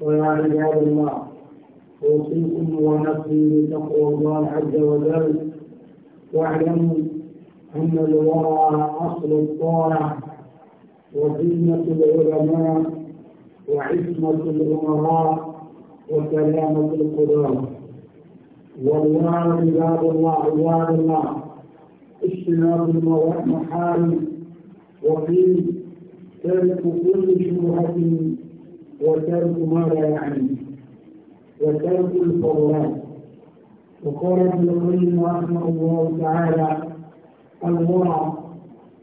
ويا عباد الله أوصيكم ونفسي بتقوى الله عز وجل واعلموا أن الورع أصل الطاعة وزينة العلماء وعصمة الأمراء وسلامة القدامى والله عباد الله عباد الله اجتناب المحارم وفيه ترك كل شبهة وترك ما لا يعني وترك الفضلات وقال ابن القيم رحمه الله تعالى الورع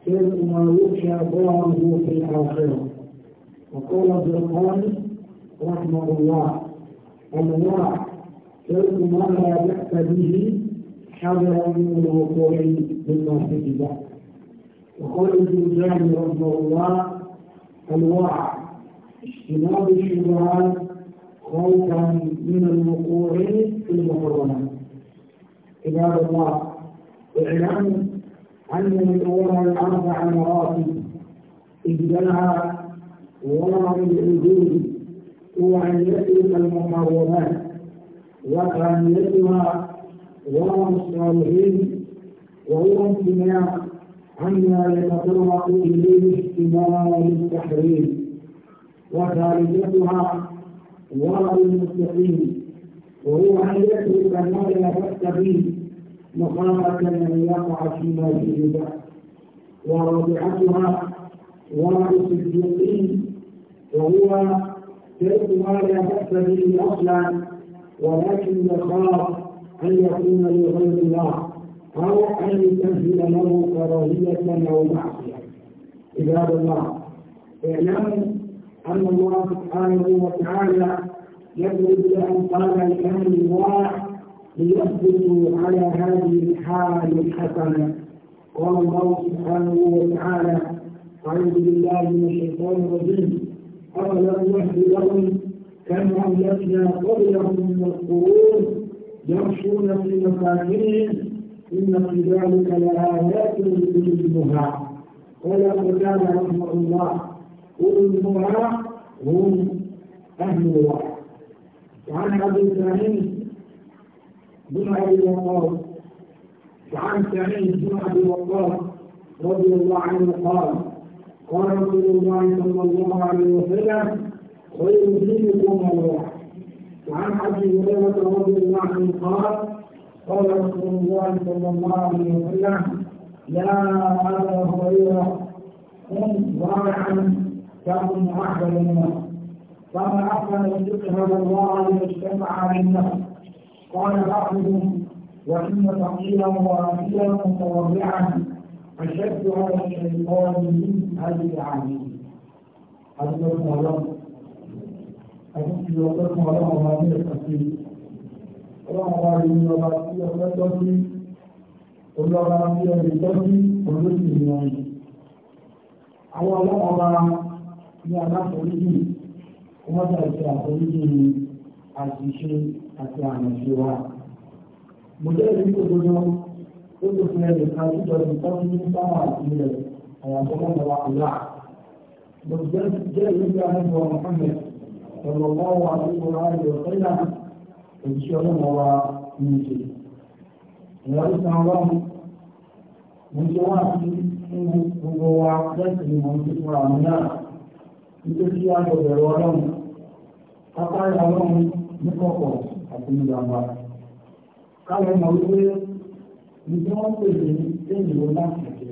ترك ما يخشى ضرره في الآخرة وقال ابن القيم رحمه الله الورع ترك ما لا بأس به حذرا من الوقوع بالمعصية وقال ابن الجاني رحمه الله الورع اجتناب الشبهات خوفا من الوقوع في المحرمات عباد الله اعلم ان الامور الاربع مراتب اجبلها ورع العدول هو ان يترك المحرمات وكانيتها ورع الصالحين وهو امتناع عما يتطرق اليه اجتماع التحريم وثالثتها ورع المستقيم وهو أن يترك ما لا بأس به مخافة أن يقع في فيه بأس ورابعتها ورع الصديقين وهو ترك ما لا بأس به أصلا ولكن يخاف أن يكون لغير الله أو أن يسهل له كراهية أو معصية عباد الله اعلموا أن الله سبحانه وتعالى يضرب لأمثال الأهل الواحد ليثبتوا على هذه الحال الحسنة قال الله سبحانه وتعالى أعوذ بالله من الشيطان الرجيم أولم يهد لهم كم أهلكنا قبلهم من القرون يمشون في مساكنهم إن في ذلك لآيات لأولي ولا قال رحمه الله والفقراء هم أهل الوعي وعن أبي سعيد بن أبي وقاص وعن سعيد بن أبي وقاص رضي الله عنه قال قال رسول الله صلى الله عليه وسلم خير دينكم الوعي وعن أبي هريرة رضي الله عنه قال قال رسول الله صلى الله عليه وسلم يا أبا هريرة قم ورعا تكن عهدا للناس وما أحسن الفقه الله ليجتمع على الناس قال بعضهم وإن فقيرا وأخيرا متورعا أشد على الشيطان من أبي العالمين حدثنا الله حدثنا وقتنا الله ما هي التفسير الله من وبعثية وبعثية الله بعثية بالتفسير والرسل من أجل àwọn ọlọ́pàá ní aláforíjì kó má bàa ṣe àforíjì àṣìṣe àti àmọ̀ṣe wa. mo jẹ́rìí ní òdodo ó lè fi ẹnì kan síjọ ní tọ́jú ní sáwọn àti rẹ̀ àyàfọ́ mọ́ta wa kùlá. mo jẹ́rìí ní àlejò ọmọ mọ́mẹ́ ọ̀rọ̀ mọ́ wa nípa ayọ̀ sẹ́yà òṣìṣẹ́ ọlọ́mọ wa ní ìṣe. ìyá ìsàn ọlọ́run mo ṣe wá sí gbogbo wa lẹ́sìn ìmọ̀ nípa àwọn náà nítorí kí a gbọdọ̀ rọ ọlọ́run kápá ọlọ́run nípọ̀pọ̀ àti nígbàgbà káwọn mọ̀ wípé ní tí wọ́n pè ní lẹ́yìn ìwé láti ṣe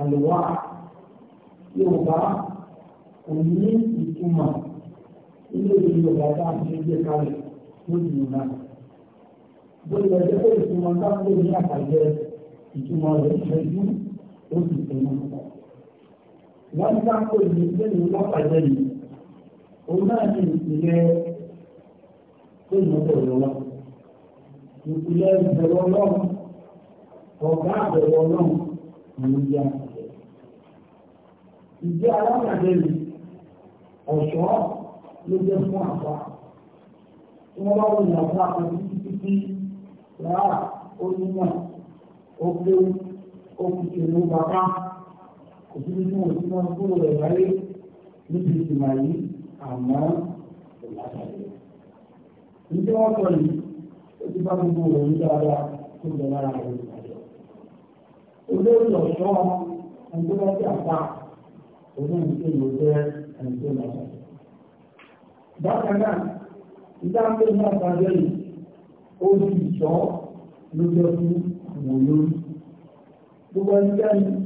àlùwá Yorùbá kò ní ìtumọ̀ ilé ìwé Yorùbá bá ń ṣe gbé kalẹ̀ lórí ìlú bó ti lọ́jọ́ pé ìtumọ̀ sáfẹ́ ní àtàjẹ ìtumọ̀ rẹ̀ ṣẹ́jú ó sì tẹ̀lé wọ́n ń dáko ní lẹ́nu lọ́pàá yìí òun náà ní ìpìlẹ̀ tó ìmọ̀ bẹ̀rẹ̀ wọn ìpìlẹ̀ ìbẹ̀rẹ̀ ọlọ́run ọ̀gá àbẹ̀rẹ̀ ọlọ́run àwọn ìyá ìdí alámàdé ọ̀ṣọ́ ló jẹ́ fún àpá tí wọ́n bá wọlé àpá kan títí títí rárá ó nímọ̀ ó kéwú ó fi kèrè bàbá òṣìṣẹ́ tí wọ́n ti wọ́n kúrò rẹ̀ láyé níbi ìgbìmọ̀ yìí àmọ́ kò látàrí. Ìjọ wọn sọ yìí ó ti bá gbogbo rẹ̀ ní dáadáa tó bẹ̀ lára rẹ̀ ìgbàjọ́. Olórí ọ̀ṣọ́ ẹni tó àpá olóyìn tó lò jẹ́ ẹni tó lọ sọ. Bákan náà, ìdá ń ní àtàjọ yìí, ó sì sọ ló jẹ́ fún àwọn olórí. Gbogbo ẹni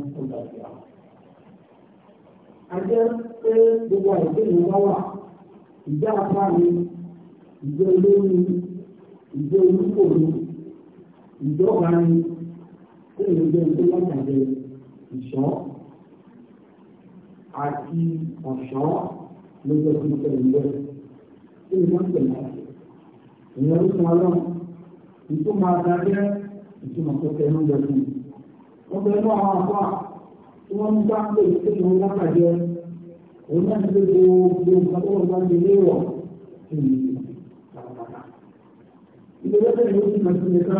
ọjà sí a. Ajẹ́ pé gbogbo àìsí mi wá wà, ìjẹ́ apá mi, ìjẹ́ olómi, ìjẹ́ olúkò mi, ìjẹ́ ọ̀gá mi, ó lè jẹ́ ìjẹ́ látàjẹ ìṣọ́ àti ọ̀ṣọ́ ló jẹ́ kí n tẹ̀ ìwé. Kí wọ́n tẹ̀lé? Ìyẹn ló ọlọ́run. Ìtumọ̀ àdájẹ́ ìtumọ̀ tó tẹnu lọ sí. Wọ́n fẹ́ mọ́ àwọn àpá tí wọ́n ń pè ní wọ́n wọ́n pàdé òun náà ti gbé gbogbo nǹkan tó wọ́n bá ń délé wọ̀ ilé lọ́sẹ̀ ló ti máa ti lè ká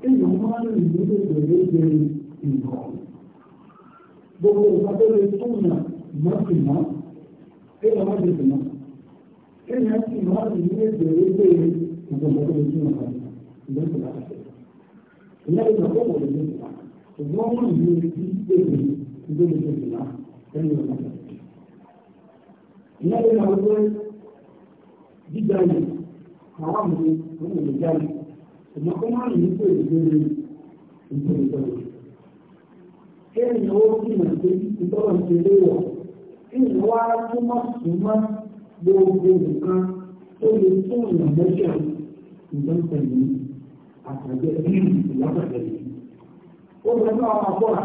kéèyàn máa ń rìn ní ètò ìlú ìgbẹ́ gbogbo nǹkan tó lè tún yàn mọ́tì mọ́ kéèyàn má tètè mọ́ kéèyàn sì máa rìn ní ètò ìlú ìgbẹ́ tó lè tún yàn mọ́tì ìgbẹ́ tó bá ṣe ìyá ìgbà tó wọ̀ lè ní ìgbà ṣùgbọ́n wọ́n ń yí ètò ìgbẹ́ ìdí mi tuntun náà lẹ́nu ọ̀nà. Ìyá yẹn náà wípé jíjà yìí àwọn àmì òun ò lè jáde. Ìmọ̀ kọ́ máa ń yí pé èdè lórí ìtò ìtọ́jú. Kéèyàn ó dìmọ̀ pé ìtọ́jú ti lé wọ̀. Kéèyàn wá túmọ̀ súnmọ́ gbogbo nǹkan tó lè tún ìrànlọ́ṣẹ̀ ìjọ ń tẹ̀lé àtàgbẹ́ ìlú ìlàbàdàn yìí. Ó bẹ̀rẹ̀ náà máa bọ́ra.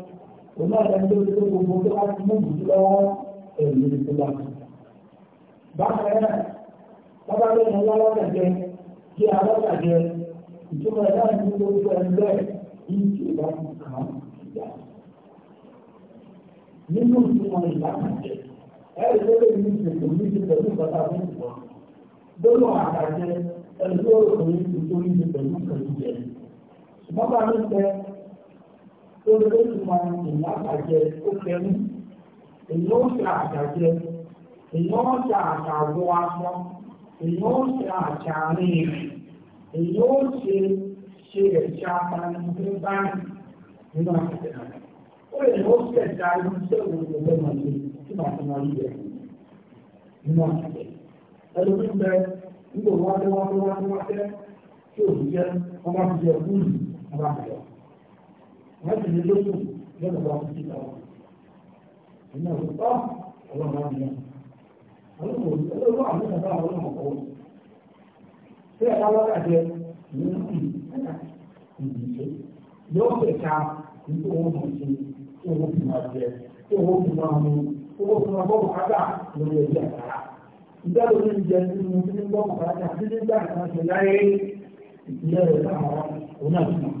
kò náà lẹ́nu tó tó gbogbo tó bá ti mú ìlú lọ́wọ́ ẹ̀yìn ìlú wa. Bákan náà, bábá lẹ́nu lọ́wọ́ jẹ kí alọ́jà jẹ ìtumọ̀ ẹ̀ náà ní gbogbo ẹni bẹ́ẹ̀ yìí ti bá ti kàn án ìyá. Nínú ìtumọ̀ ìlànà jẹ, ẹ̀rí tó lè ní ìṣètò ní ti pẹ̀lú ìbáta fún ìwọ. Lọ́nà àtàjẹ, ẹ̀rí tó lè ní ìṣètò ní ti pẹ̀lú ìkànnì jẹ. Bábá mi tẹ tó tó ti mọ ìyá àgbàjẹ tó kẹrù èyí ó àgbàjẹ èyí ó ṣe àṣàbọ aṣọ èyí ó ṣe àṣàárín rẹ ṣe ẹ̀ṣẹ̀ apanirun báyìí nínú àgbàjẹ náà ó lè ní ó ṣẹ̀dá irúṣẹ́ òwò lọ́nà yìí tí màá fi máa yẹ nínú àgbàjẹ ẹlòmí ń bẹ nígbà wọn láti lè lóṣù yóò lọ́wọ́ fifty thousand ìyẹn ò tọ́ ọlọ́run á nìyẹn ọlọ́run ò ní ọlọ́run àwọn ìṣẹ̀dá ọlọ́run ọ̀kọ́ ṣé ẹ̀ka lọ́dà jẹ ìyẹn ń bì ìdíje yóò fẹ́ ká nítorí owó mọ̀ sí owó fi máa jẹ owó fi máa mú owó fi máa bọ́ọ̀lù kájà lórí ẹgbẹ́ àkàrà ìgbà lórí ìjẹ nínú nínú bọ́ọ̀lù kájà nínú ìgbà kan ṣe láyé ìpínlẹ̀ rẹ̀ sáà wọn náà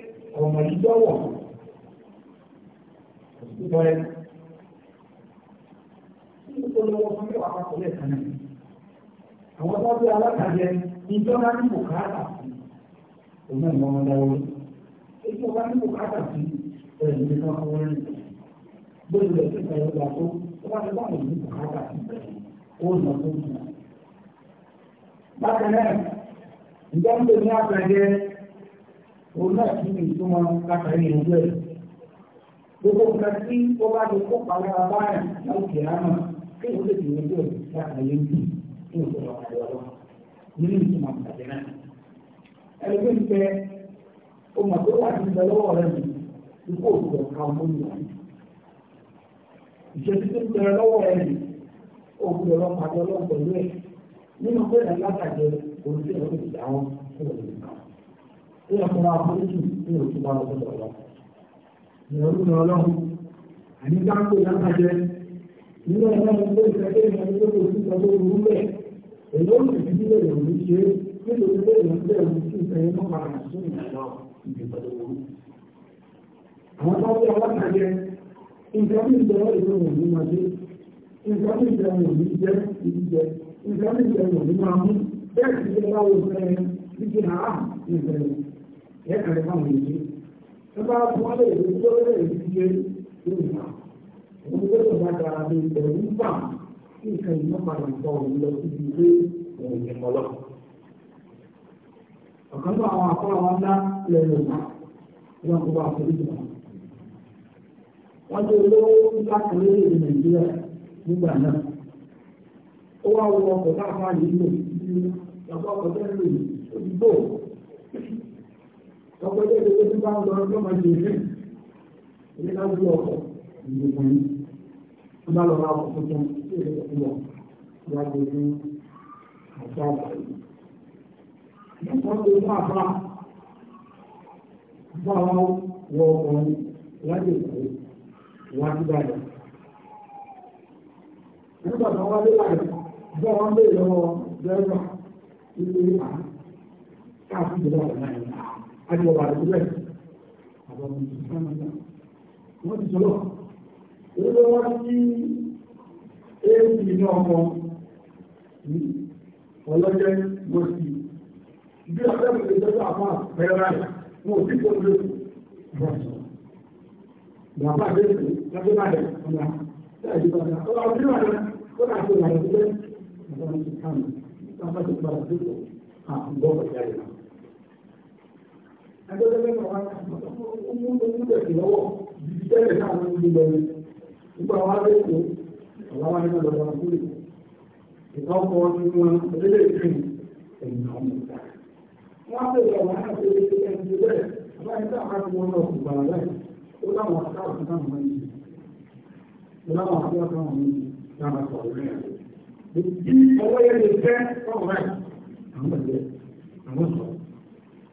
ọmọ yìí dọ́wọ̀ òṣìṣẹ́ bọ́lẹ̀ tí fún mẹ́wàá pàtó lẹ́ẹ̀kan náà àwọn tó bí alákàjẹ ìjọba ní bùkátà sí òun náà lọ́wọ́ dáwọ́ ìjọba ní bùkátà sí ẹ̀rọ ìgbésẹ̀ kan wọ́n rí gbogbo ẹ̀ sí ìfẹ́ ìgbà tó wọ́n ti bá ní bùkátà sí ó lọ tó jù. bákan náà ìjọba ní àpẹẹrẹ òun náà kí ni ìtumọ̀ látàrí ìlú ẹ̀. Gbogbo nǹkan tí ó bá lè kópa lára báyìí láwùjọ àmọ́ kí ló lè dìbò ẹjọ́ látàrí ìlú kí ló sọ̀rọ̀ àti ọ̀rọ̀ nínú ìtumọ̀ àgbàdé náà. Ẹlẹ́gbẹ́ ń bẹ ọmọ tó wà ní ìbẹ̀ lọ́wọ́ rẹ̀ mi ikú òkú ọ̀ka ọmọlúwa. Ìṣèjú tó ń bẹ lọ́wọ́ rẹ̀ mi òkú ọlọ́pàá ọlọ́pàá pẹ̀lú ẹ̀ nínú pé ẹ̀ látàjẹ òun tí ẹ̀ lọ́wọ́ ìdáwọ́ kúrò nìkan ní ọ̀pọ̀lá àforíjì ní òkú bá lọ sọ́dọ̀ ọ̀la. Ìrọ̀lú ni ọlọ́run, àní bá ń pè lápàjẹ́, nínú ọ̀la ni ó ìfẹ́ pé ìrìn àjò tó ti sọ lórí orú bẹ́ẹ̀. Èyí ó sì fi sílẹ̀ ìròyìn ṣe é, nítorí pé ìrìn àjò bẹ́ẹ̀ ti ń fẹ́ mọ́ padà sí ìrìnàjò ìgbìmọ̀ lórí. Àwọn tó ń pè lápàjẹ́, nǹkan bí ìjọba ìlú òun ní máa dé, nǹkan bí ìjọba òun ní jẹ́ ibi jẹ, nǹkan bí ìjọba òun ní máa mú, bẹ́ẹ̀ sì ṣe báwo fẹ́ ẹ, bí kí n àá ìfẹ́ rẹ̀ lẹ́ẹ̀kan lè fáwọn èyí tó bá fún wọn lè tó lè rí sí yé lórí ìgbà òun ló tó bá dára lé ẹ̀rú bà kí nǹkan ìmọ̀ padà ń bọ̀ òun lọ síbi ilé òun ní mọ́lọ́. ọ̀kan tó àwọn akọ́ àwọn ńlá lẹ́nu ìgbà wọn kó bá fún ìgbà. wọ́n ti olówó ńlá kan lórí Nàìjíríà nígbà náà. ó wá wọ ọkọ̀ láàfáà yìí lò sí ọkọ̀ ọkọ̀ ọkọ̀ tó ṣe tó bá ń lọ ọjọ́ máa ṣe fẹ́ ilé ká ọkọ̀ ìlú yìí tó bá lọ ra ọkọ̀ tuntun tí èdè tó láti fún àṣà àgbáyé. Nípa tó bá bá bá wa wọ ọkọ̀ láti ìkó wá sí dáadáa. Nígbà tó wá dé láì bá wọn bèèrè lọ́wọ́ dẹ́rẹ́bà ilé àá káàkiri lọ́wọ́ náà àjọ wà lójú ẹ̀ àwọn ọmọ ìṣẹ́ wọn ti sọ́lọ̀ olóòwò wọn ní éèkì ní ọmọ ọlọ́jẹ́ lọ́sí bí ọ̀sẹ̀ mi lè tọ́jú àpá pẹ̀lú àyè mo ò kó lè bọ̀sọ̀ bàbá àdéhùn lábẹ́ bàdé ọ̀la láì bá dá ọ̀la ọ̀sẹ̀ wà lọ kó náà tó wà lọ́sẹ̀ àwọn ọmọ ìṣẹ́ wọn ti padà dé àgbọ̀ ọ̀gá ìlànà ẹgbẹ́ mẹ́ta wá mú ojú tẹ̀sí lọ́wọ́ ìdí tẹ́lẹ̀ nígbà wá dé kó ọ̀la wá nínú ọ̀dọ̀ wọn ẹ̀yìn àwọn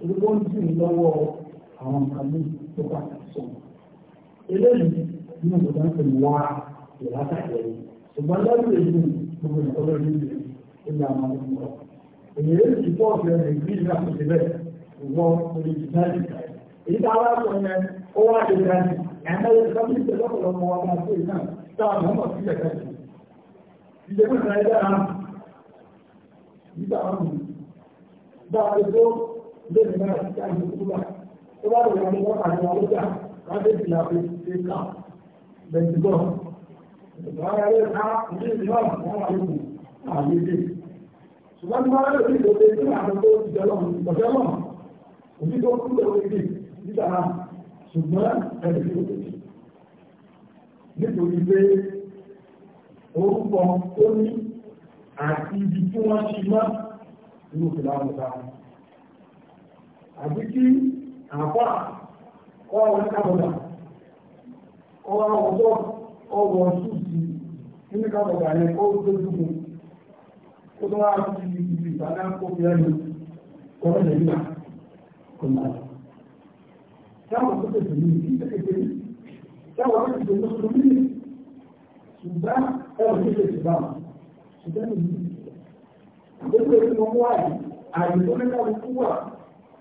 torí wọ́n dì í lọ́wọ́ àwọn nǹkan tó bá sọ. eléyìí nínú ìgbà ń pè wá ìlàkà ìrẹ̀lẹ̀ ṣùgbọ́n lẹ́rù èyí gbogbo ìkọlẹ̀ ní ilé àwọn ọmọ ọmọ èyí lè ti pọ̀ sí ẹni bí ìlú àkọsí bẹ́ẹ̀ wọ́n lórí ìdájì. èyí tá a wá sọ yẹn ó wá ṣe dájì ẹ̀mọ́ yẹn ká bí ìṣẹ̀lẹ̀ ọ̀pọ̀lọpọ̀ wa máa ṣe ìtàn táwọn ọmọ lónìí náà ti ká ìlú kúrò tó bá lòun ní wọn àti wọn lójà láti fi àfi ṣe ká lẹ́yìn bọ ìgbà ayé ká ìlú ìlú náà wọn wà lókun àyè dé ṣùgbọ́n tí wọ́n lè fi lòdì sí àwọn tó ti jẹun ìgbọ̀jẹ́ náà òbí tó kú lòdì sí nígbà náà ṣùgbọ́n ẹ̀rí tó ti nítorí pé orúkọ tó ní àti ibi tí wọ́n ti mọ́ ìlú ìlànà ìlànà àbí kí àpá ọwọ́ kábọ̀dà ọwọ́ ọjọ́ ọwọ́ ṣùgbì nínú kábọ̀dà yẹn kó tó dúkù kó tó wá sí ibi ìbádá kó fi ẹnu ọwọ́ nàìjíríà kò táwọn tó tẹ̀sẹ̀ ní ìdí ní táwọn tó tẹ̀sẹ̀ ní ọdún ṣùgbọ́n tó tẹ̀sẹ̀ bá ṣùgbọ́n ní ìdí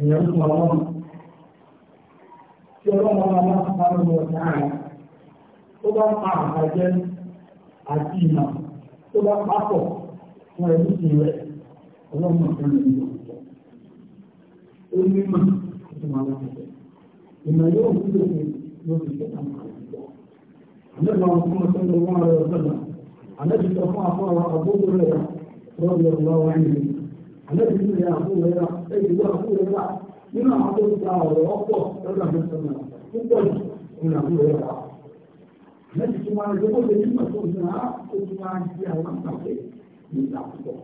èèyàn ń sọ̀rọ̀ wọn. Tí ọlọ́run ọmọ máa ń parí lọ sáàrẹ̀, tó bá pa àbájẹ́ àti ìmọ̀ tó bá pápọ̀ fún ẹbí sí rẹ̀, ọlọ́run ọ̀sán lè ní ọ̀sán. Ó ní mọ̀ tó máa lọ sọ̀rọ̀. Ìmọ̀ yóò wúlò ní lórí ìjọba máa ń sọ. Àlejò àwọn ọmọ tó ń lọ wọn lọ sọ̀rọ̀. Àlejò sọ fún àfọwọ́ àbúrò rẹ̀ lọ́wọ́ lọ́wọ́ wáyé àlẹ́bí ní ìyá àbúrò rẹ̀ ẹ̀yìn àbúrò rẹ̀ nínú àwọn tó ń ta ọ̀rọ̀ ọ̀pọ̀ lọ́dọ̀ àwọn ìṣẹ̀lẹ̀ púpọ̀ jù ní àbúrò rẹ̀ wà. Àlẹ́bí tí wọ́n rẹ̀ lókè nígbà tó ń ra ó ti máa ń di àwọn ní ìgbà púpọ̀.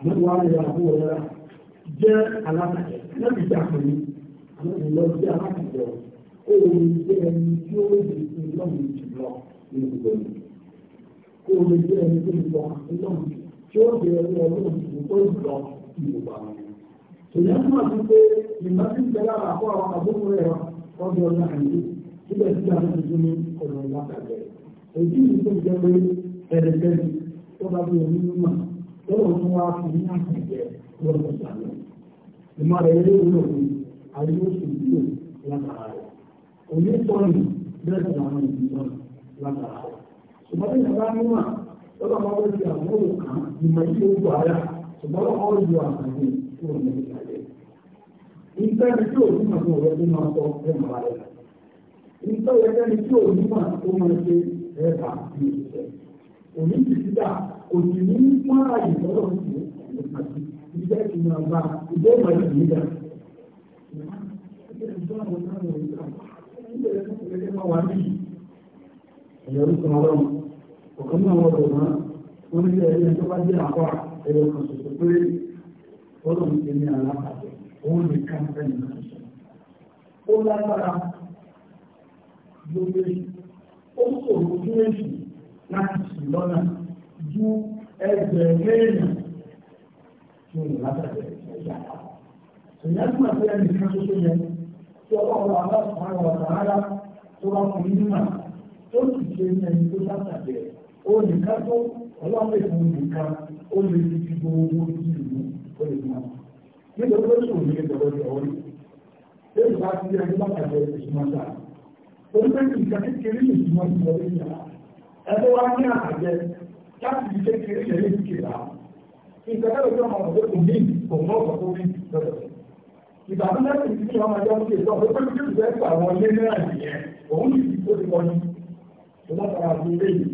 Àlẹ́bí wọ́n rẹ̀ àbúrò rẹ̀ jẹ́ alákàtẹ̀ lẹ́bí tí a pè ní àlẹ́bí lọ sí alákàtẹ̀ lè jẹ́ ẹni tí ó lè fi lọ́mù jùlọ ní Ó jẹ́ ẹni tó lè lọ àti ìwà ìyẹn túmọ̀ sí pé ìgbà tí ń bẹ lára àpò àwọn àbúrò rẹ̀ ọdún ọdún àìsí síbẹ̀ síbẹ̀ àwọn tuntun ní ọ̀nà ìlàkàjẹ́ èyí ni tó jẹ́ pé ẹ̀rẹ̀kẹ́ni tó bá bí omi mímọ̀ lọ́wọ́ tó wá fún ní àkàjẹ́ lọ́wọ́ ìsàlẹ̀ ìmọ̀ rẹ̀ yẹ́ lórí òun àyẹ̀wò ṣùgbọ́n látara rẹ̀ òní sọ́ọ̀nù bẹ́ẹ̀ sì làwọn ìgbìmọ̀ látara rẹ̀ ṣùgbọ́n tí ìjọba mímọ̀ lọ́wọ́ máa wọ́n ti àwọn òkà ìmọ̀ yìí ṣùgbọ́n ó ń àǹfààní tí ń lè ṣàlẹ̀. Ìgbà mi tí òun mọ̀ tó rẹ̀ máa sọ ẹ̀ máa rẹ̀. Ìgbà yẹn kẹ́ni tí òun mọ̀ tó máa ṣe ẹ̀ bá mi ṣiṣẹ́. Òní ti ti dà, kò sì ní máa ìgbọ́dọ̀ sí ẹ̀mí pàtó. Ìgbà tí mo bá ìgbà ìmọ̀ ìlú mi dà. Ìyọ̀rù kan ọlọ́run, ọ̀kan náà wọ́n lò wọ́n, wọ́n ní ilé ẹ̀yẹ́ tó bá jẹ́ àkọ́ ẹ̀yọ̀ kan pé ọlọ́run ti ní alápàdé òun lè ká ẹni náà sọ. Ó lágbára lórí ó sòrò fún èsì láti sùn lọ́nà ju ẹgbẹ̀rún tí ó lè látàgbé ẹ̀yà. Ìyá tí màá fi ẹni kan ṣoṣo yẹn tí ọlọ́run aláṣọ àwọn ọ̀tá rárá tó wá fún yín mà tó sì ṣe ní ẹni tó látàgbé ẹ̀ olùkà tó ọlọ́pàá ìfún olùkà ó lè fi ti gbogbo ojú ìlú ó lè máa nítorí pé sùn ní ìjọba ìjọ orí lẹ́yìn bá ti rẹ̀ nígbà tàbí ìsúnmọ́ta torí pé nǹkan kékeré lè súnmọ́ sí ọdún ìyá ẹgbẹ́ wa ní àjẹ láti fi kékeré lè lè fi kéra ìgbàgbọ́ ìjọ ọmọ ọ̀dọ́ kò ní kò mọ́ ọ̀dọ́ tó ní lọ́dọ̀ ìbàdúrà ti fi ọmọ ọjọ́ tó kéjọ pé pé kí ìgbà ẹ̀kọ́ àwọn ilé náà nìyẹn òun ní ìdíkó ti wọ́n ní ìlọ́pàá àti ilé yìí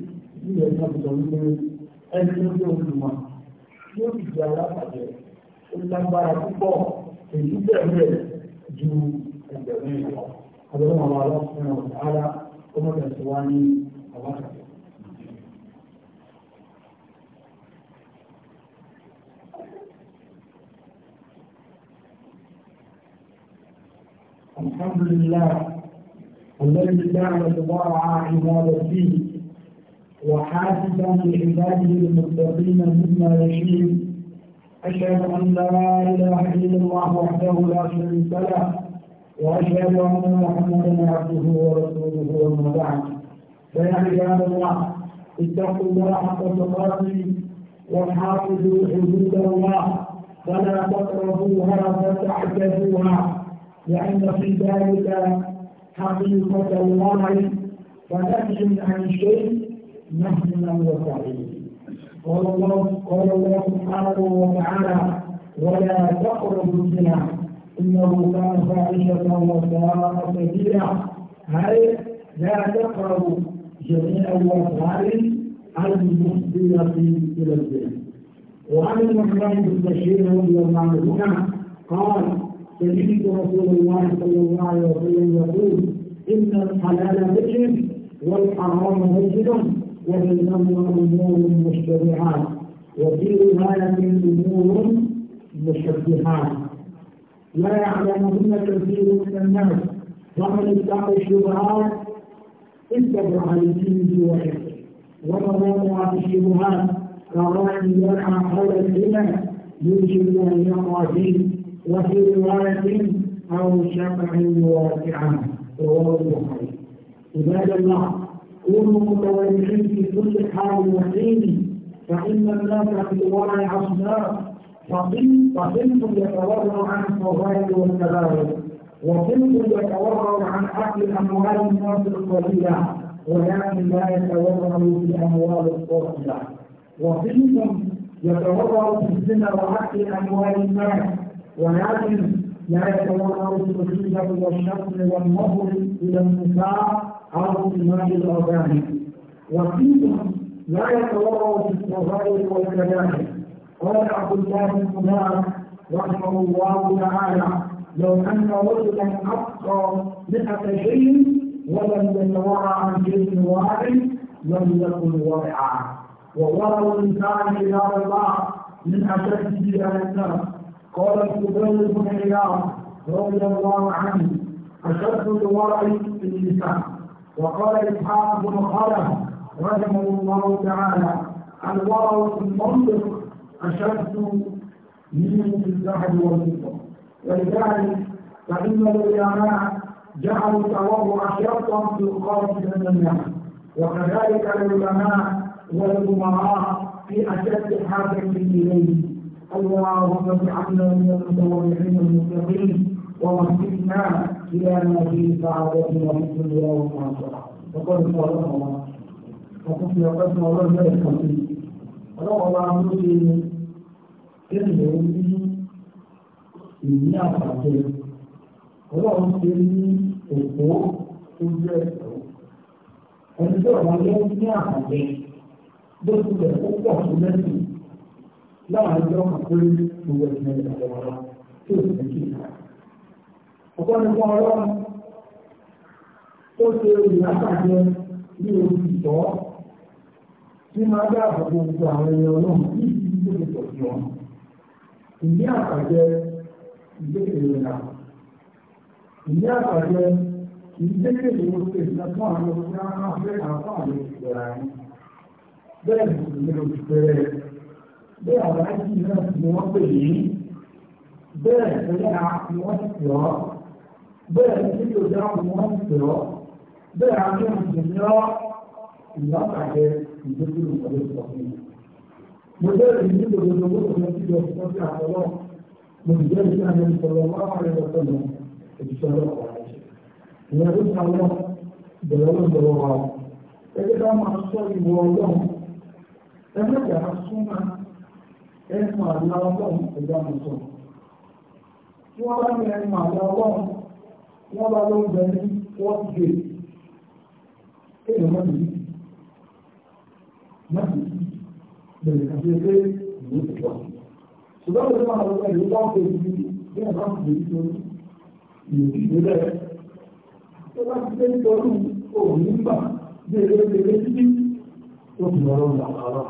ilẹ̀ náà sọ wípé ẹni tó jẹ́ olùmọ̀ tí ó sì jẹ́ alápàdé ó lágbára púpọ̀ èyí bẹ̀rẹ̀ ju ẹgbẹ̀rún ìlọ. Àbẹ̀wọ̀n àwọn aláṣẹ ọ̀sán ara ọmọ tẹ̀síwá ní àwọn àkàtà. الحمد لله الذي جعل الله عبادته وحافظا لعباده المتقين مما يشير أشهد أن لا إله إلا الله وحده لا شريك له وأشهد أن محمدا عبده ورسوله وما بعد فيا عباد الله اتقوا الله حق تقاته وحافظوا حدود الله فلا تقربوها فتعتدوها لأن في ذلك حقيقة الله فنفي عن شيء نحن وسعيد قال الله قال الله سبحانه وتعالى ولا تقربوا الزنا انه كان فاحشه وساء سبيلا اي لا تقربوا جميع الوسائل المفضله الى الزنا وعن المكان المستشير رضي الله عنه قال سمعت رسول الله صلى الله عليه وسلم يقول ان الحلال مجد والحرام مجد الامر امور مشتبهات وفي روايه امور مشبهات لا يعلمهن كثير من الناس ومن اتقى الشبهات اتبع على دين ومن وقع في الشبهات كراني يرعى حول الزنا يوجب ان يقع فيه وفي روايه او شفع واسعه رواه البخاري عباد الله كونوا متوجهين في كل حال وحين فإن الناس في الوضع فقل فصنف يتورع عن الفضائل والكبائر وصنف يتورع عن أكل أموال الناس القليلة ولكن لا يتورع في أموال القرية وصنف يتورع في الزنا وأكل أموال الناس ولكن لا يتورع في الغيبة والشتم والنظر إلى النساء في المال الأرباني وفيهم لا يتورع في الصغائر والكبائر قال عبد الله بن مبارك رحمه الله تعالى لو أن رجلا أبقى مئة شيء ولم يتورع عن شيء واحد لم يكن ورعا وورع الإنسان إلى الله من أشد على الناس قال الزبير بن عياض رضي الله عنه أشد الورع في الإنسان وقال إسحاق بن خلف رحمه الله تعالى الورع في المنطق أشد من في الذهب والفضة ولذلك فإن العلماء جعلوا التورع شرطا في القاضي من الناس وكذلك العلماء والأمراء في أشد حاجة إليه اللهم اجعلنا من المتورعين المتقين ووفقنا إلى ما فيه سعادة وحسن اليوم والآخرة وقد قال الله وقد يقسم الله الملك الحكيم ọlọ́wọ́ bá ń lóye kéèyàn ó ní ìní àpàtẹ ọlọ́run ṣe ní òpó tó jẹ́ ẹ̀tọ́ ẹni tó ọ̀la yẹ ní àpàtẹ ló ti lẹ̀ ó pọ̀ tó lẹ́sìn láàárín ọkàn pé ìwé ìmẹ̀lẹ̀ ọ̀la tí ó sì ní kíkà ọ̀pọ̀lọpọ̀ ọlọ́run tó ṣe ìyàtàjẹ ní oṣù ìtọ́ tí máa dáàbò gbogbo àwọn ẹyẹ ọlọ́run tí ìdí ìdí tó sí wọn ìní àtàjẹ ìgbékèlè rà ìní àtàjẹ ìgbékèlè oṣù ìtàkùn àwọn oṣù náà fẹ́ àwọn àwọn oṣù ìgbéra bẹ́ẹ̀ ni ìgbéra oṣù bẹ̀rẹ̀ bẹ́ẹ̀ àwọn àìsí náà ni wọ́n pè yìí bẹ́ẹ̀ ni wọ́n ti wọ́n bẹ́ẹ̀ ní yóò já àwọn wọn ti rọ́ bẹ́ẹ̀ àti ìjìnlẹ̀ rọ́ ìlàkàjẹ ìdókòwò pẹ̀lú ìsọ̀kùn. mo bẹ́ẹ̀ ní gbogbo gbogbo ọ̀sán tí yọ fún ọjọ́ àtọ́lọ́ mo sì jẹ́ ìṣẹ́ àmì ìsọ̀rọ̀ láwọn ẹ̀rọ sọ̀nà ìṣọ̀rọ̀ ọ̀rọ̀ ìyẹn tó ta lọ bẹ̀rẹ̀ ló bẹ̀rẹ̀ wa o ẹgbẹ́ ká máa sọ ìwọ ọlọ́run ẹgbẹ́ kà á súnmọ́ ẹnu àlá ọlọ́run ẹgbẹ́ àmọ̀sọ̀ tí wọ́n bá ní ẹnu àlá ọlọ́run wọ́n bá ló ń bẹ ní wọ́n ti dé kéèyàn má nìyí má nìyí bẹ̀rẹ̀ kàdé pé ìlú ti wà. ṣùgbọ́n ìlú máa lọ bẹ̀rẹ̀ wọ́n tó ti di bí ẹ̀ bá ń bẹ̀rẹ̀ tó ìlú ti dé bẹ̀rẹ̀. tó bá ti dé nítorí òun nígbà bẹ̀rẹ̀ bẹ̀rẹ̀ títí ó ti lọ́rọ́ làkàrà.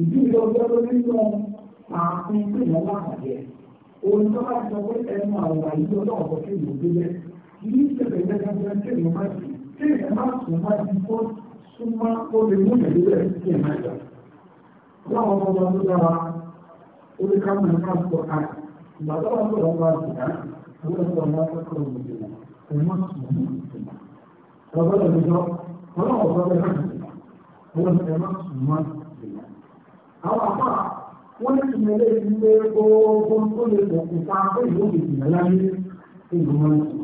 ìdí ìlọ́gbẹ́ ló ní sọ ààfin pé ìyá òun tó bá ti sọ pé ẹnu àwọn àyíkọ́ náà 第一次跟人家谈，这种关系，这种关系关系，他妈，我给你每个月一千块钱，然后我那个，我就开门开始做开，我到处找关系，无论找哪个做中介，他妈死心了。然后我就说，反正我说的很死，我说什么死关系。然后话，我里面的那些哥，我我那些兄弟，大哥，兄弟，怎么样？给你们。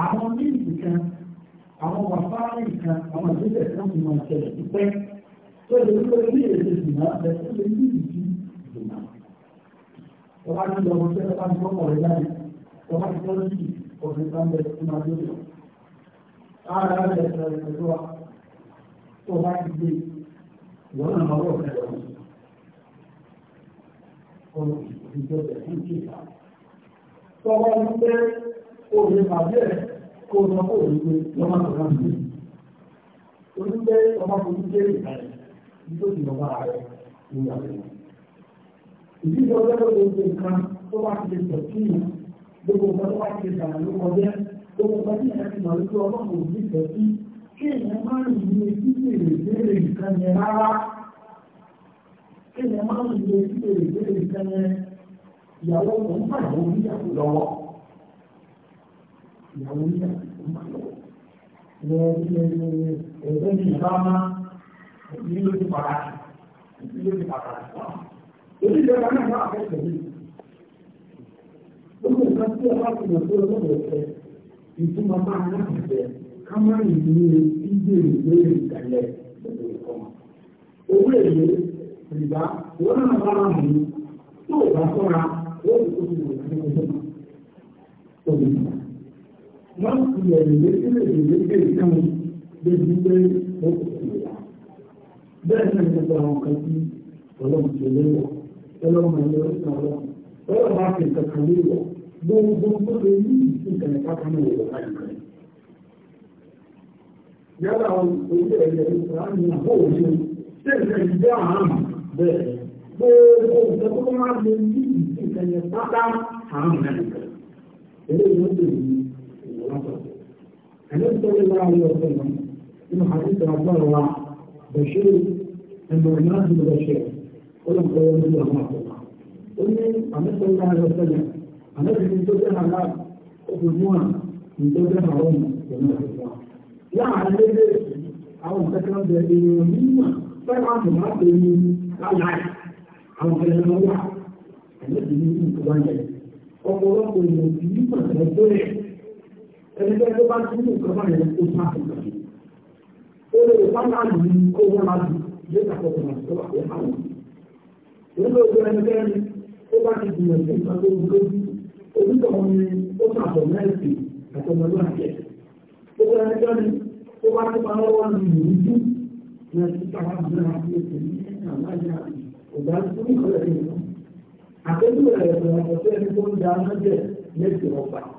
àwọn mílíọ̀nù kan àwọn wàfáàrí kan àwọn ìgbésẹ̀ kan ti máa ṣẹlẹ̀ pípẹ́ tó lè ní orí èdè ìgbìmọ̀ rẹ̀ tó lè ní ìdí ìgbìmọ̀. Ọba ti lọ sí ọba ti kọ́kọ́ rẹ̀ láti ọba ti kọ́ sí ọ̀sẹ̀ sáńbẹ̀ tó máa dé lọ. Ara rẹ̀ sọ̀rọ̀ pẹ̀lú wa tó bá ti gbé ìwọ́n náà lọ́wọ́. Ọ̀rọ̀ ìjọba ìjọba ìjọba. Tọ́wọ́ ń kó o ẹ̀ kó o lọ kó o lọ́mọ tó bá gbé. Orí pé ọmọ tó ń gbé ìkàlẹ̀ nítorí ìjọba rẹ̀ ní ìyàwó. Ìdíje ọjọ́ tó lè gbé nǹkan tó bá ti lè sọ kí ni gbogbo nǹkan tó bá ti lè sàrà ló kọjá gbogbo nǹkan tí ìyá ti mọ̀ lójú ọlọ́run ò ní ìfẹ́ sí kí èèyàn má rìn ní etí bèrè bèrè nǹkan yẹn rárá. Kí èèyàn má rìn ní etí bèrè bèrè nǹkan yẹn ìyàwó òun pàdé oníyàwó lọ́wọ́. ìyàwó ní ẹgbẹ́ ní ìbámá ní ló ti pàtàkì ní ló ti pàtàkì èyí ìjọba náà máa fẹ́ tẹ̀lé ó lè ká sí ọba tó lọ sí ọlọ́dọ̀ ọ̀fẹ́ ìtumọ̀ máa ń láti bẹ̀ ká má rìn ní ìdí èrè ìgbàlẹ̀ lọ́dọ̀ ìkọ́ owó èlé ìgbà wọn náà bá wà mí tó o bá sọ́ra ó lè kó tó lè fi ọjọ́ náà tó lè fi wọ́n ti ẹ̀rù létí lèdè lédè kan débi pé ó kò sí ìyá. Bẹ́ẹ̀ náà ni gbogbo àwọn kan tí ọlọ́run ti léwọ̀, ọlọ́run ẹ̀rọ ìta ọlọ́run, ọlọ́run bá fi nǹkan kan léwọ̀, gbogbo tó lè ní ìsìnkàn ìpákan náà wọ̀ láì kan. Yálà orí ẹ̀yẹ ìsìnkàn ní àbọ̀wọ̀ ṣe, ṣé ìṣẹ̀ ìjẹ́ àárín bẹ́ẹ̀ gbogbo ìṣẹ́ tó máa lè ní النبي صلى الله عليه وسلم إنه حديث ربنا بشير النعمان بن بشير ولم يقول له ما قلنا النبي صلى الله عليه وسلم النبي من تدعى الله وقلنا من تدعى عمر جماعة الله لا على ذلك أو تكرم بإيمان طبعا ما بإيمان على العكس أو على الموضوع الذي يمكن أن يكون ọ̀pọ̀lọpọ̀ ìmọ̀ ìdílé pàtàkì ẹni tó ẹgbẹ́ bá ti ní nǹkan yẹn kó sáà fún mi. ó lè wò fáwọn ní kó wọn máa dùn ilé ìtàkùn ọ̀sán àti tó wà fún àwọn. èyí ló gbé ẹni kẹ́rin ó bá ti gbìyànjú nǹkan tó wù lójú onítọ̀ wọn ni ó sàtọ̀ mẹ́ẹ̀sì àtọmọlú àjẹ. gbogbo ẹni kẹ́rin ó bá ti máa lọ́wọ́ ní ìrújú ní ẹni táwọn àbúrò àti ètò ìlú àlájá ọ̀gá tó ń kọ́lẹ̀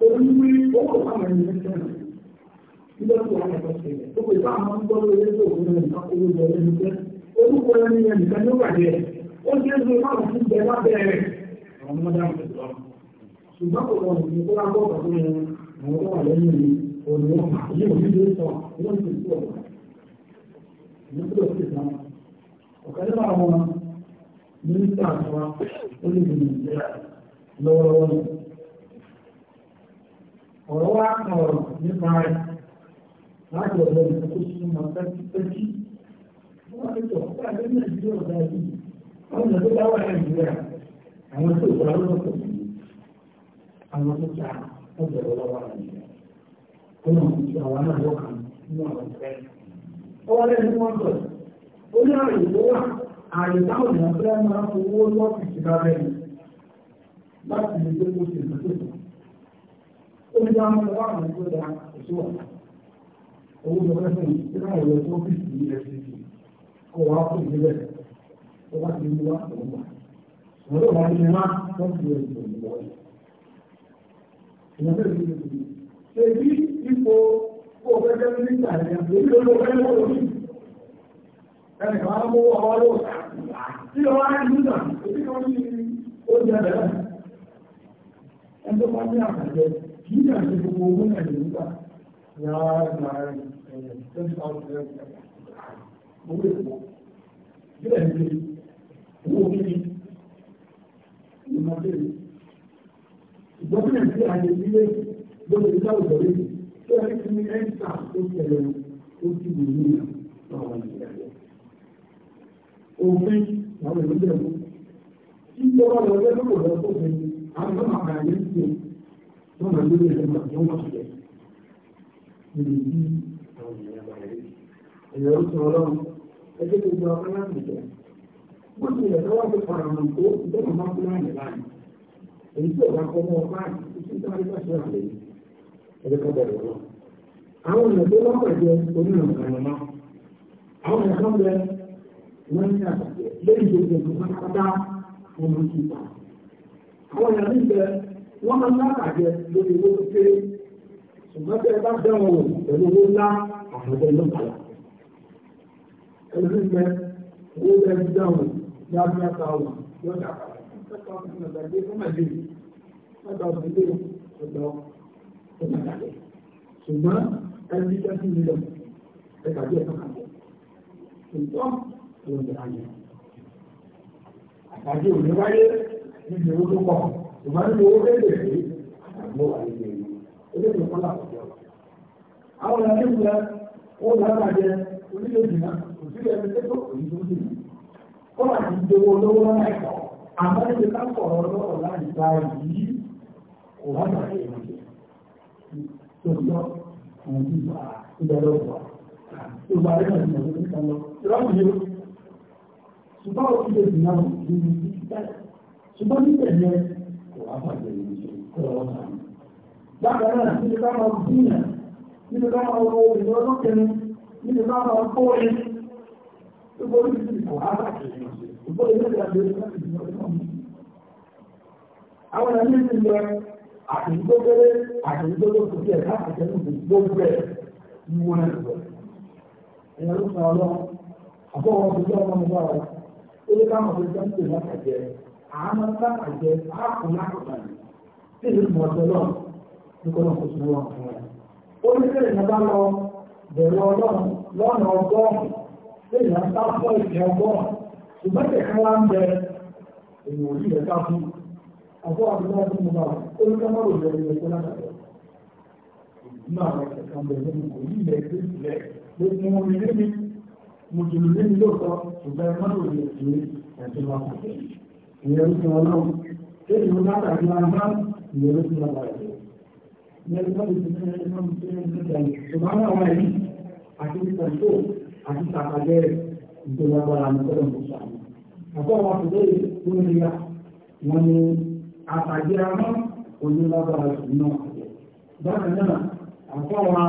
torí wí owó ìpamọ́ ẹni ọ̀rọ̀ wá kan nípa rẹ̀ láti ọ̀dọ̀ ìfọ̀kọ́ sí ọmọ pẹ́kí wọ́n ti tọ̀ fún àgbẹ̀ nàìjíríà ọ̀dà yìí wọ́n lọ sí dáwọ́ nàìjíríà àwọn tó ìfọ̀rọ̀ lọ́wọ́ pọ̀ sí àwọn tó ta ọ̀dọ̀ lọ́wọ́ nàìjíríà kó nà ti àwọn náà lọ́kàn nínú àwọn ìfẹ́ ọwọ́ lẹ́nu ni wọ́n ó ní àrùn ìlú wà àrùn táwọn èèyàn fẹ́ máa fowó lọ́ọ̀fì sí lábẹ́ láti lè dé kó ní bá wọn wá àwọn tó da wà owó lọ fẹ́fẹ́ yìí tí wọ́n lọ sí ọ́fíìsì efcc kó wá fún ìdílé tó bá ti mú wá òun wà wọ́n yóò wá ní wá fi ètò ìwọ̀ ìyàtọ̀ ìdílé tó yìí ṣe ipò kó fẹ́ fẹ́ mínísítà yẹn èyí ló fẹ́ lọ́wọ́ lórí ẹnì kan á mú ọwọ́ lọ́wọ́ tí ọwọ́ á ní nígbà èyí kan ní kì í dàbí gbogbo owó náà lè nígbà rárá twenty thousand naira owó èkó bẹ́ẹ̀ ni owó kíni ìmọ̀lẹ́rì ìgbọ́n nàìjíríà lè nílé lórí ìdáwùjọ rẹ̀ tó ẹni tí ní ẹ́ńtà tó tẹ̀lé ó ti wù ní àwọn ìgbàlẹ̀ òfin làwọn ìlú bẹ̀rù ìjọba lọ lẹ́nu lọ́sọ̀fin àwọn ọmọ àgbà yẹn ti wọ́n máa lórí ẹ̀rọ máa yọ́n wọ́n sílẹ̀ níbi bí àwọn ènìyàn máa rí ẹ̀yọ́ ń sọ ọlọ́run ẹgbẹ́ gbogbo àwọn aláàbùjẹ wọ́n ti rẹ̀ lọ́wọ́ tó fara hàn tó ìjọba máa fún láàyè láàyè èyí tí ọ̀gá kọ́ mọ́ ọ̀gá àti tí wọ́n bá ṣe àlẹ́ yìí ẹgbẹ́ kọ́ bẹ̀rẹ̀ wọn. àwọn ènìyàn tó lọ́wọ́ ẹ̀jẹ̀ onírànà àyànmọ́ àwọn ènìyàn kan bẹ wọ́n ní àtàkẹ́ lẹ́yìn tó ti ẹ̀kọ́ wọ́n máa ń lábàjẹ́ lórí owó kéré ṣùgbọ́n tẹ́ ẹ bá dẹ́wọ̀n wò pẹ̀lú owó ńlá àfẹ́fẹ́ lọ́kàlá. ẹlẹ́yìn mẹ́ owó bẹ́ẹ̀ ti dẹ́wọ̀n ní abúlé táwọn yọjà kàkà ọ̀gbàgbé ọmọdé ọgbà ọ̀gbàgbé ọgbà ọ̀gbàgbé ṣùgbọ́n ẹni tẹ́ sí nílẹ̀ ẹgbàgbé ṣùgbọ́n ọ̀gbàgbé àgbàgbé wáyé níbi owó tó pọ̀ ìgbà tí owó bẹ̀rẹ̀ sí àgbò àìyè yìí eléyìí kọ́ làkọ̀jọ́. àwọn ìyá nínú rẹ wọn lọ bá jẹ onílé jìnnà kò sí ẹni tó tó kò ní tó dì í. kọ́ àti ìdòwò olówó lọ́nà ẹ̀kọ́ àmọ́ ẹni ká sọ̀rọ̀ lọ́rọ̀ láì gba yìí kò wá bàtà ìlú jẹ. tòótọ́ àwọn tí wà ìbẹ̀rẹ̀ wà ìgbà rẹ̀ náà ti mọ̀ ní kan lọ. ìrọ̀lù yìí ṣùgbọ́n òkú àpàjẹ ìrìnṣẹ́ kọ́lọ́wọ́ sàmì. Bákan náà, níbi ká máa bí nà, níbi ká máa Àwọn ẹni ti lọ àtìgbó kéré àtìgbó tó kù gbogbo ẹ̀ ní wọn ẹ̀ lọ. ló sọ ọlọ́run, àbọ̀wọ̀ ọ̀gbìn ọmọ mi bá ó lé ká mọ̀ pé sẹ́ńtì láti jẹ àmọ́ na àjẹ àkùnrin àkùnrin tí ìlú mọ̀ ọ́tọ́ náà ní kọ́ náà kó sùn wọn fún ẹ. ìyẹn ti wọn náà ṣé ìwọ bá tàbí wọn bá ìyẹn ló ti wọn bá rẹ̀. ìyẹn tó ti fi ṣe ẹgbẹ́ mi ṣe ń bẹ̀rẹ̀ ṣùgbọ́n àwọn ọmọ yìí àti ìtàkó àti ìtàkàjẹ́ ìjọba agbára ní kọ́lọ̀ ní sàmì. àbọ̀ wọn kò lè kó lè ya wọn ni àtàjẹ́ àmọ́ òní lágbára ìṣúná àjẹ́. bákan náà àbọ̀ wa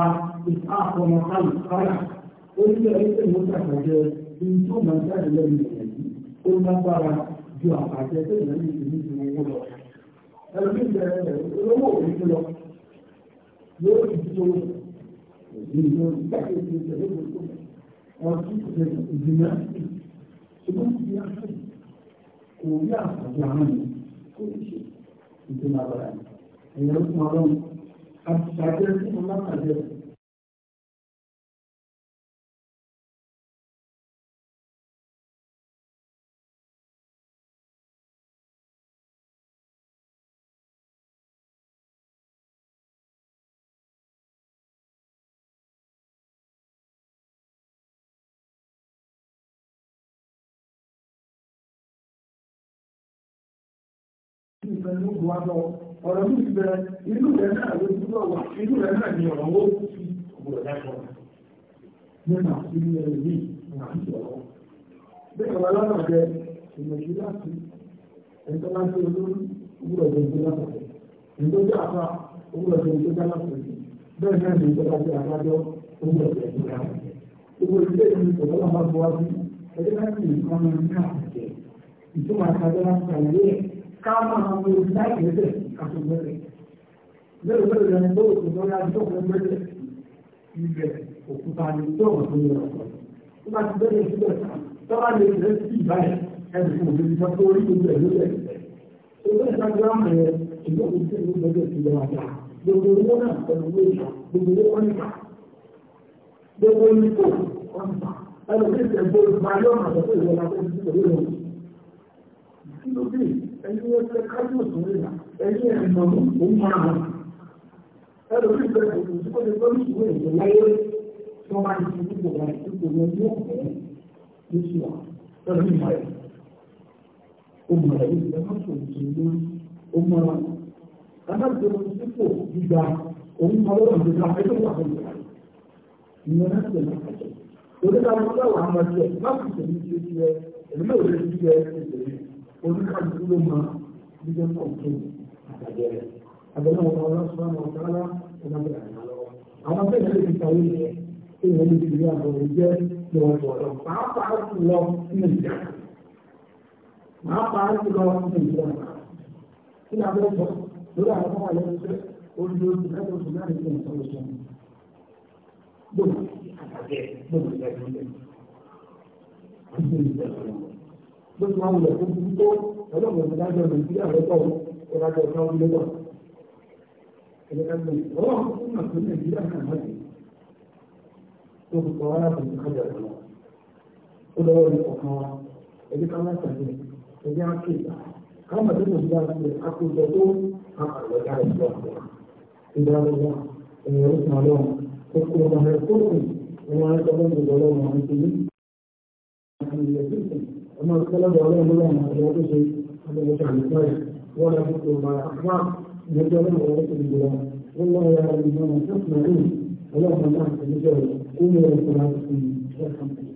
ìfàkọmọ kálù kálà ó ní ẹgbẹ́ ìwọ́n tàkàjẹ́ ìjọba ìjáde lẹ́yìn ìrẹ̀lẹ́ ó lágbára ju àpàtẹ tó ìlú ní ìlú owó lọ. Ẹnu bí ìbẹ̀rẹ̀ rẹ̀ olówó òfin lọ yóò ti di owó ìdìbò ìgbàgbé ti ìṣẹ̀lẹ̀ gbogbo ọtí ìṣẹ̀lẹ̀ ìdìbò ṣùgbọ́n ti di àṣẹ kò rí àpàtẹ àwọn ènìyàn kó ní ṣe ìdìbò àbára ẹ̀yẹ́ fún ọlọ́run àti fún ọlọ́run àjẹ́ nǹkan ní ògùn ọ̀rọ̀ ní ìbẹ̀ inú rẹ̀ náà ló dúró wà inú rẹ̀ náà ni ọ̀rọ̀ ó fi ọ̀rọ̀ dákọ̀ nígbà tí ẹ̀rọ yìí nà ń sọ̀rọ̀ bẹ́ẹ̀ wà lọ́nà jẹ ìmọ̀jú láti ẹ̀tọ́ láti olórí òwúrọ̀ jẹ ìjọba pàtẹ́ ìjọba àpá òwúrọ̀ jẹ ìjọba pàtẹ́ bẹ́ẹ̀ náà ni ìjọba jẹ àbájọ owó ilé ìlú ìjọba ká máa ń lo láì lẹ́sẹ̀ àti òmìnira lẹ́yìn tó lè tó òkú lórí adúgbò fún mẹ́lẹ̀ ilẹ̀ òkúta ní tó wà fún ìrọ̀ tó bá ti bẹ́ẹ̀ síbẹ̀ tó bá lè rẹ̀ sí ìbáyẹ̀ ẹ̀rù fún òbí tó tó rí ìlú ẹ̀rú rẹ̀ tó bẹ́ẹ̀ sáájú àmì rẹ̀ ìlú òkú tí ìlú bẹ́ẹ̀ ti lọ́wọ́ dá gbogbo owó náà pẹ̀lú owó ìjà gbogbo owó nípa gbogbo ipò ọ̀nà ẹ̀rù tí ìtẹ̀gbọ́ ìgbà yóò kí ló dé ẹni ẹgbẹ́ kájú òsùn rẹ̀ ẹni ẹ̀mọ̀ òun máa hàn ẹ̀rọ sí máa fi ipò wà ó ti ẹ ẹ̀mí ò lè ti ẹ ẹ̀mí oníkàlùkù ló máa gbígbé pọ̀jù àtàjẹ́ rẹ̀. Àgbẹ̀lẹ̀ wọn ọlọ́ sọ́nà ọ̀tàlá ọ̀nà bẹ̀rẹ̀ àlọ́. Àwọn bẹ́ẹ̀ lè fi tàwé yẹ kí ìwọ̀n lè fi àbọ̀ rẹ̀ jẹ́ lọ́wọ́dọ̀ọ̀dọ̀. Pàápàá lọ nínú ìjà. Pàápàá lọ nínú ìjà. Kí ni abẹ́ sọ lórí àwọn ọmọ àlẹ́ ṣe olùdókòwò lẹ́tọ̀ọ́ sí láti fi ìtọ́ ìṣẹ́ Gbogbo àtàjẹ́ gbogbo ìjẹ́ ìjọba ló ti máa ń wulẹ̀ fún títí tó ọlọ́run ti dájọ́ nàìjíríà lọ́tọ̀ ó dájọ́ ọ̀sán ọdún lọ́tọ̀. ọlọ́run tún mà tó nàìjíríà náà má dé tó fi kọ́ ara kò ní kájà lọ. ó lọ́wọ́ ní ọ̀kan wa ẹbí ká má tàbí ẹbí á ké ìgbà ká má tó nàìjíríà ti lè àkójọ tó àkàlọ́ dára sí ọ̀pọ̀. ìdánilá ẹ̀yẹ ó sàn lọ́wọ́ ó kó ọmọ rẹ̀ kó أما الكلام على مولانا على شيء على وجه الخير ولا ذكر ما أخبر نجعله ولكم بالله والله يعلم ما تصنعون اللهم أنت بجهل قوموا إلى صلاتكم والحمد لله